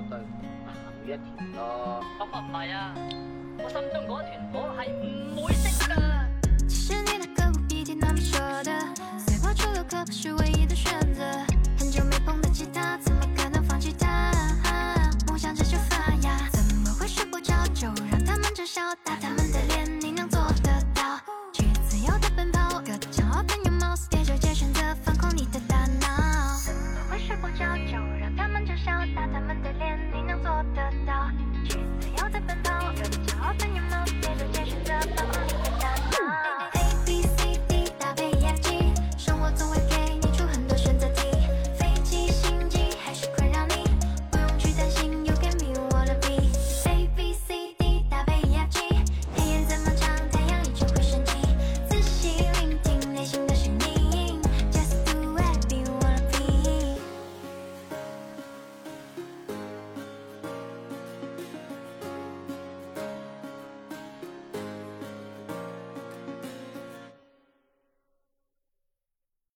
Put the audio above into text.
咁啊，唔係啊，我心中嗰一團火係唔會。